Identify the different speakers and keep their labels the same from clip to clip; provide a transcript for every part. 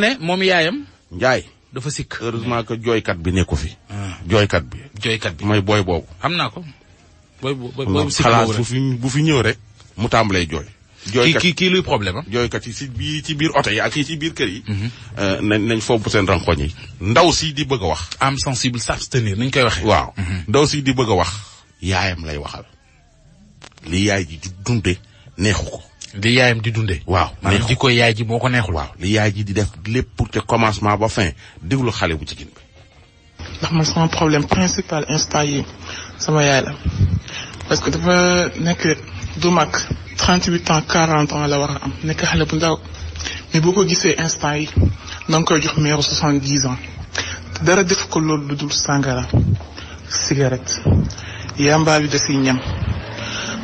Speaker 1: ne moom yaayam. Njaay. dafa sikk heureusement que jooykat bi nekku fi. Ah. jooykat bi. jooykat bi mooy booy boobu. xam naa ko. booy booy boobu sikk xalaat fi bu fi ñëw rek. mu tàmbalee jooy. jooykat kii kii luy problème am. jooykat yi si bii ci biir oto yi ak yi ci biir kër yi. Mhm. Euh, nañ nañ foofu seen rankoñ yi. ndaw si di bëgg a wax. am sensible s'abstenir nañ ñu koy waxee. waaw mhm. ndaw si di bëgg a wax. yaayam lay waxal. li yaay ji dunde neexu ko. li yaayam di dunde waaw man li jikko yaay ji moo ko neexul. waaw li yaay ji di def lépp pour te commencement ba fin déglu xale bu jigéen bi.
Speaker 2: ndax man sama problème principal instant yi sama yaay la parce que dafa nekk du mag 38 ans 40 ans la war a am nekk xale bu ndaw mais boo ko gisee instant yi na nga koy jox meeru 70 ans te dara def ko loolu lu dul sàngara cigarette yamba bi da siy ñam.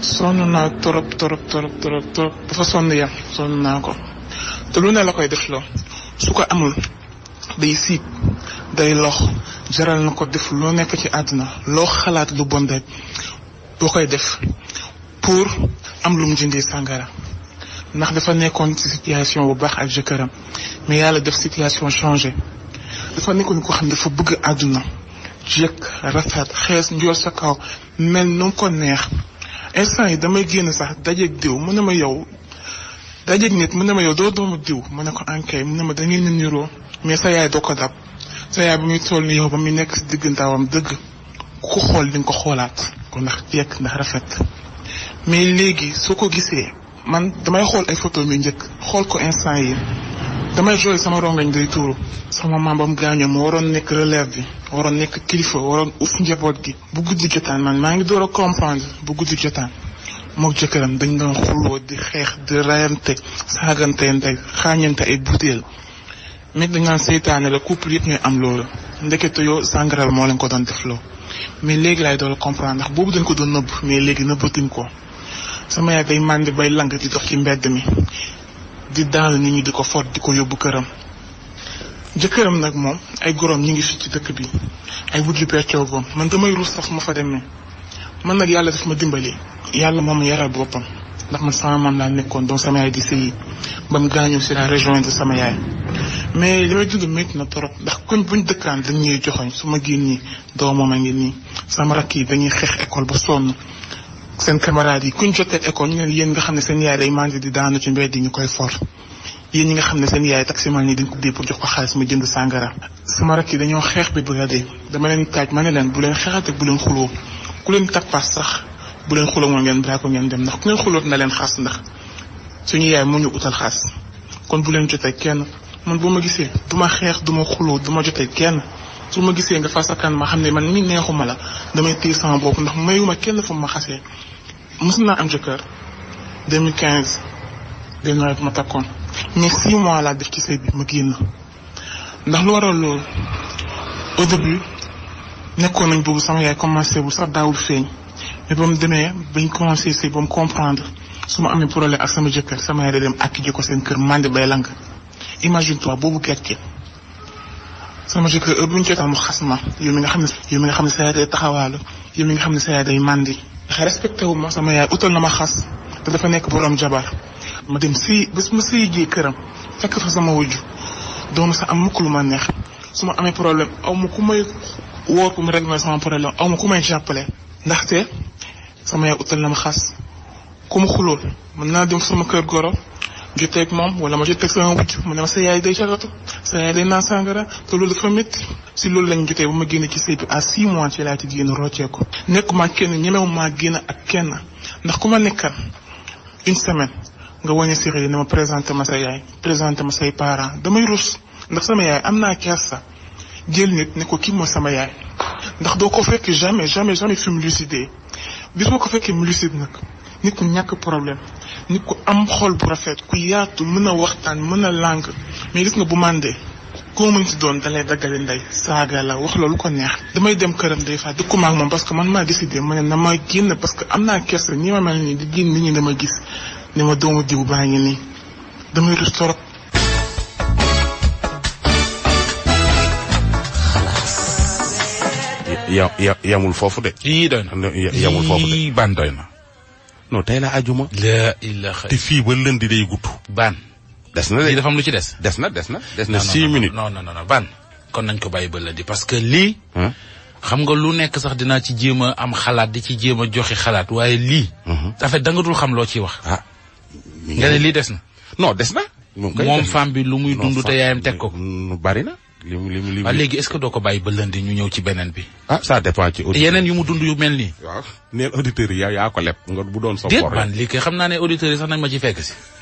Speaker 2: sonn naa trop trop trop trop trop dafa sonn yam sonn naa ko te lu ne la koy def loo su ko amul day siit day lox jaral na ko def loo nekk ci àdduna loo xalaat lu bon rek boo koy def pour am lu mu jëndee sàngara ndax dafa nekkoon ci situation bu baax ak jëkkëram mais yàlla def situation changé dafa nekkoon ko xam ne dafa bëgg àdduna jëkk rafet xees njool sa kaw mel nu ko neex instant yi damay génn sax dajeeg diw mu ne ma yow dajeeg nit mu ne ma yow doo doomu diw mu ne ko ankay mu ne ma da ngeen na niroo mais sa yaay doo ko dab sa yaay ba muy toll ni yow ba muy nekk si digg ndawam dëgg ku xool di nga ko xoolaat ko ndax jekk ndax rafet mais léegi soo ko gisee man damay xool ay photo mi njëkk xool ko instant yi damay jooy sama rongañ day tuuru sama maam ba gaañoo moo waroon nekk relève bi waroon nekk kilifa waroon us njaboot gi bu guddi jotaan man maa ngi door a comprendre bu guddi jotaan mook jëkkëram dañ doon xuloo di xeex di rayante saagante ndey xaañante ay butéel mais dañ naan seytaane la couple yëpp ñooy am loolu ndekete yoo sàngara moo lañ ko doon defloo mais léegi laay doon comprendre ndax boobu dañ ko doon nëbb mais léegi nëbbatuñ ko sama yaay day bay lang di dox ci mbedd mi di daal nit ñi di ko foot di ko yóbbu këram jëkkëram nag moom ay gorom ñu ngi fi ci dëkk bi ay wujju peccoo boom man damay ruus sax ma fa demee man nag yàlla daf ma dimbali yàlla moom yaral boppam ndax man sama man laa nekkoon donc sama yaay di sëyi ba mu gaañoo si la région de sama yaay mais li may dund métti na trop ndax kuñ buñ dëkkaan dañ ñuy joxoñ su ma génnee doomam a ngi nii sama rakk yi dañuy xeex école ba sonn seen camarades yi ku jotee école ñu ne yéen xam ne seen yaay day mangé di ñu nga xam ne seen yaay taximal nii dañ ko dee pour jox ko xaalis mu jënd sàngara sama rakk yi dañoo xeex bi bëgg a dama leen taaj ma ne leen bu leen xeexate bu leen xuloo ku leen tappaas sax bu leen xuloo moom ngeen braako ngeen dem ndax ku leen xuloot na leen xaas ndax suñu yaay moo ñu utal xaas kon bu leen jotee kenn man boo ma gisee du ma xeex du ma xuloo du ma jotee kenn su ma gisee nga fas akkan ma xam ne man mi neexuma la damay téye sama boobu ndax mayuma kenn fu ma xasee mos naa am jëkkër 2015 de nawet ma takkoon mais 6 mois laa def ci sëy bi ma génn ndax lu waroon loolu au début nekkoon nañ boobu sama yaay commencé bu sax daawul feeñ mais ba mu demee bañ commencé sëy ba mu comprendre su ma amee problème ak sama jëkkër sama yaay da dem ak ji ko seen kër mandi bay lang imagine toi boobu gàcce sama jëkkër heure bu ñu cee mu xas ma yow mi nga xam ne yow mi nga xam ne sa yaay taxawaalu yow mi nga xam ne sa yaay day màndi ndax respecté ma sama yaay utal na ma xas dafa nekk borom jabar ma dem si bés ma siy jii këram fekk fa sama wujju doonu sa am mukk lu ma neex su ma amee problème aw ma ku may wóor ku mu réglé sama aw ma ku may jàppale ndaxte sama yaay utal xas ku mu mën naa dem sama kër goro joteeg moom wala ma joteeg sama wujj mu ne ma sa yaay day cagatu sa yaay day naan sàngara te loolu dafa métti si loolu lañ jotee ba ma génne ci sëy bi à six mois ci laa ci génn rocceeku nekkuma kenn ñemewu maa génn ak kenn ndax ku ma nekkal une semaine nga wane si réew ne ma présenté ma sa yaay présenté ma say parents damay rus ndax sama yaay am naa sax jël nit ne ko kii mooy sama yaay ndax doo ko fekk jamais jamais jamais fi mu ko fekkee mu lucide nag nit ku ñàkk problème nit ku am xol bu rafet ku yaatu mën a waxtaan mën a làng mais gis nga bu màndee koo mën si doon dalay daggale ndey saaga la wax loolu ko neex damay dem këram day fa dëkku ma ak moom parce que man maa décidé ma ne na ma génn parce que am naa kersa nii ma mel nii di génn nit ñi dama gis ne ma doomu diw baa ngi nii damay rus torop
Speaker 1: yamul foofu de. yii doy na yamul foofu de. yii ban doy na. non tey la ajuma. la ilaha te fii ba lëndi day gudd. baan des na de lii dafa am lu ci des. des na des na des na six minutes. non non non baan kon nañ ko bàyyi ba lëndi parce que lii. xam nga lu nekk sax dinaa ci jéem a am xalaat di ci jéem a joxe xalaat waaye lii. Mhm. en fait dul xam loo ciy wax. ah
Speaker 2: nga ne lii des na.
Speaker 1: no des na. moom femme bi lu muy dund te yaayam teg bari na. li mu li mu li mu. léegi est-ce que doo ko bàyyi ba lundi ñu ñëw ci beneen bi. ah ça dépend ci. auditeurs yeneen yu mu dund yu mel nii.
Speaker 2: waaw neel
Speaker 1: auditeurs yi yaa yaa ko leb. nga bu doon sa xam naa ne
Speaker 2: auditeurs yi sax nañ ma ci fekk si.